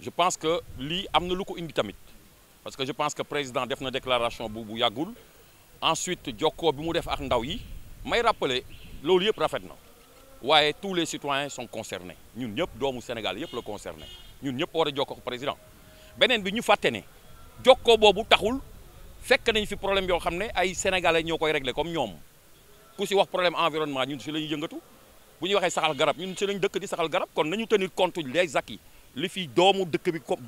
je pense que li amna luko indi tamit parce que je pense que président def na déclaration bu bu yagoul ensuite Djoko bi mu def ak ndaw yi may rappeler loolu yep rafet na tous les citoyens sont concernés ñun ñep doomu Sénégal yep le concerné ñun ñep wara a ko président benen bi ñu faté né Djoko bobu taxul fekk nañ fi problème yo xamné ay sénégalais ñokoy régler comme ñom ku ci wax problème environnement ñun ci lañu yëngatu bu ñu waxé saxal garab ñun ci lañu dëkk di saxal garab kon nañu tenir compte les acquis li fi doomu dëkk bi ko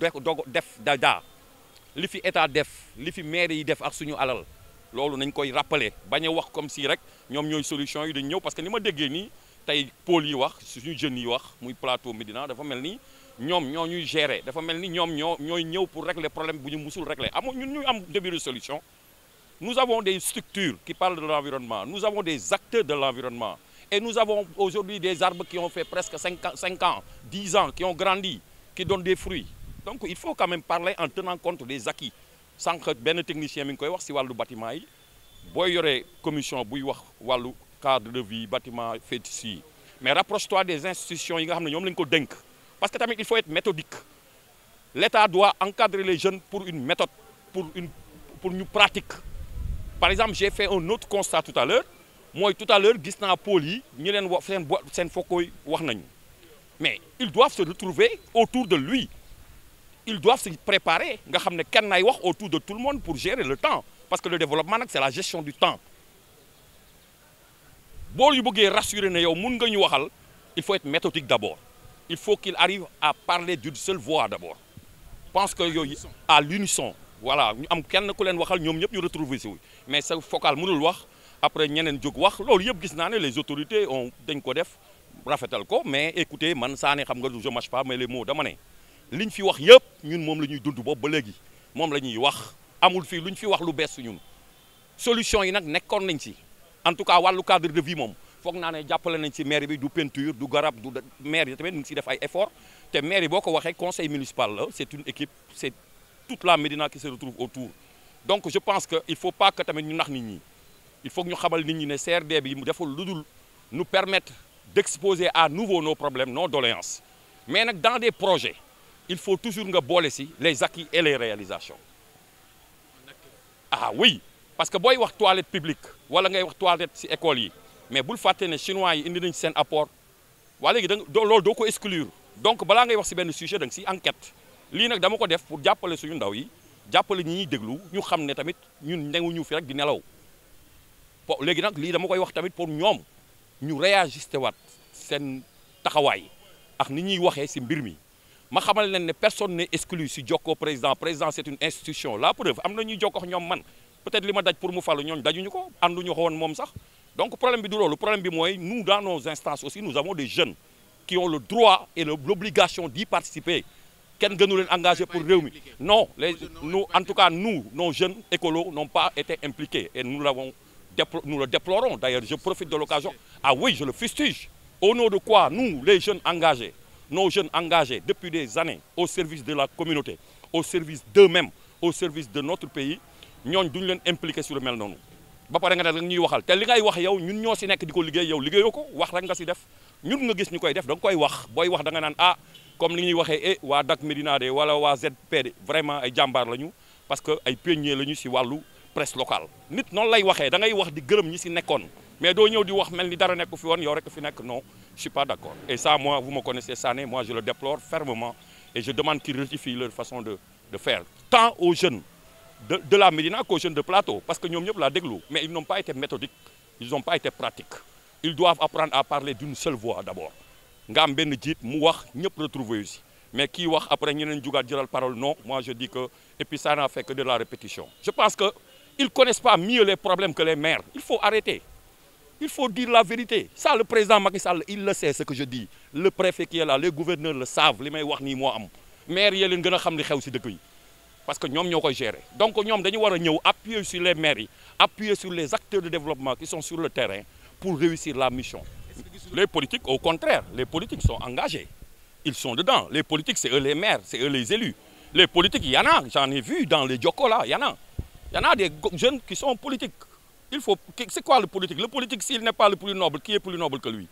def da daa li fi état def li fi maire yi def ak suñu alal loolu nañ koy rappeler bañ a wax comme si rek ñoom ñooy solution yi dañ parce que ni ma déggee nii tey pôle yi wax suñu jeunes yi wax muy plateau medina dafa mel ni ñoom ñoo ñuy gérer dafa mel ni ñoom ñoo pour régler problème problèmes ñu musul régler amoo ñun ñuy am début nous avons des structures qui parlent de l'environnement nous avons des acteurs de l'environnement et nous avons aujourd'hui des arbres qui ont fait presque 5 ans 10 ans qui ont grandi qui donnent des fruits donc il faut quand même parler en tenant compte des acquis que que technicien techniciens ne koy wax si le bâtiment yi boo une commission buy wax le cadre de vie bâtiment fait ici. mais rapproche-toi des institutions yi nga parce que il faut être méthodique l'État doit encadrer les jeunes pour une méthode pour une pour pratique par exemple j'ai fait un autre constat tout à l'heure Moi, tout à l'heure je suis pôle yi ñu leen wax seen seen wax mais ils doivent se retrouver autour de lui ils doivent se préparer Ils doivent se autour de tout le monde pour gérer le temps parce que le développement c'est la gestion du temps Si vous rassurer il faut être méthodique d'abord il faut qu'il arrive à parler d'une seule voix d'abord pense que à l'unisson voilà ñu am retrouver mais sa focal mënul wax après ñeneen wax les autorités ont fait rafetal ko mais écoutez man Sané xam nga je marche pas mais les mots dama né liñ fi wax yépp ñun mom lañuy ñuy dund boobu ba légui mom lañuy wax amul fi luñ fi wax lu bess ñun solution yi nak nekkoon nañ ci en tout cas walu cadre de vie mom, foog na né jappalé nañ ci maire bi du peinture du garab du maire yi tamit ñu ci def ay effort té maire yi boo conseil municipal la c'est une équipe c'est toute la Médina qui se retrouve autour donc je pense que il faut pas que tamit ñu nax nit ñi il faut que ñu xamal nit ñi né CRD bi mu deful lu nous permettre d'exposer à nouveau nos problèmes, nos doléances. Mais dans des projets, il faut toujours les acquis et les réalisations. Ah oui, parce que si on toilette publique, ou on toilette école, mais vous faites les Chinois ils ont un apport. Vous donc exclure. Donc, si vous avez un sujet, c'est une enquête. lii nag dama ko def pour jàppale suñu ndaw yi jàppale ñi déglu ñu xamné tamit ñun newuñu fi rek di nelaw po léegi nag lii dama koy wax tamit pour ñom ñu réagissons wat sen taxaway ak ni ñuy waxee ci mbir mi ma xamal leen personne n'est exclu ci le président président c'est une institution la preuve amna ñu joko jokkox peut-être que daj pour mu fallu ñooñ dajuñu ko ànduñu ko woon sax donc problème bi du lolu problème bi que nous dans nos instances aussi nous avons des jeunes qui ont le droit et l'obligation d'y participer que nous leen engagé pour réunir non nous en tout cas nous nos jeunes écolos n'ont pas été impliqués et nous l'avons nous le déplorons. D'ailleurs, je profite de l'occasion. Ah oui, je le fustige. Au nom de quoi nous, les jeunes engagés, nos jeunes engagés depuis des années au service de la communauté, au service d'eux-mêmes, au service de notre pays, ñooñu duñu leen impliqué sur le mel noonu ba pare nga ne rek ñuy waxal te li ngay wax yow ñun ñoo si nekk di ko liggéey yow liggéeyoo ko wax rek nga si def ñun nga gis ñu koy def da koy wax booy wax da nga naan ah comme li ñuy waxee eh waa Dak Médina de wala waa ZP vraiment ay jàmbaar lañu parce que ay pionniers lañu si wàllu presse locale nit non lay waxé da ngay wax di gëreum ñi mais do di wax dara fi yow non je suis pas d'accord et ça moi vous me connaissez ça né moi je le déplore fermement et je demande qu'ils rectifient leur façon de de faire tant aux jeunes de de la Médina qu'aux jeunes de plateau parce que ñom ñep la déglu mais ils n'ont pas été méthodiques ils n'ont pas été pratiques ils doivent apprendre à parler d'une seule voix d'abord ngam ben mu wax ñep aussi mais qui wax après ñeneen jugaat jëral parole non moi je dis que et puis ça n'a fait que de la répétition je pense que ils ne connaissent pas mieux les problèmes que les maires. Il faut arrêter. Il faut dire la vérité. Ça, le président Macky Sall, il le sait ce que je dis. Le préfet qui est là, les gouverneurs le savent. Les maires ne Les Maires, ils le savent parce que nous ñoo gérer donc nous dañu appuyer sur les maires appuyer sur les acteurs de développement qui sont sur le terrain pour réussir la mission les politiques au contraire les politiques sont engagés ils sont dedans les politiques c'est eux les maires c'est eux les élus les politiques il y en a j'en ai vu dans les Djokola là y en a il y en a des jeunes qui sont politiques. Il c'est quoi le politique Le politique, s'il n'est pas le plus noble, qui est plus noble que lui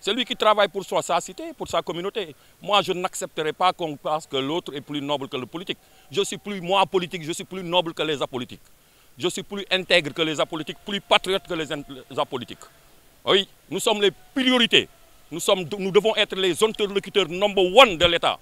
C'est lui qui travaille pour soi, sa cité, pour sa communauté. Moi, je n'accepterai pas qu'on pense que l'autre est plus noble que le politique. Je suis plus, moi, politique, je suis plus noble que les apolitiques. Je suis plus intègre que les apolitiques, plus patriote que les, apolitiques. Oui, nous sommes les priorités. Nous, nous devons être les interlocuteurs number one de l'État.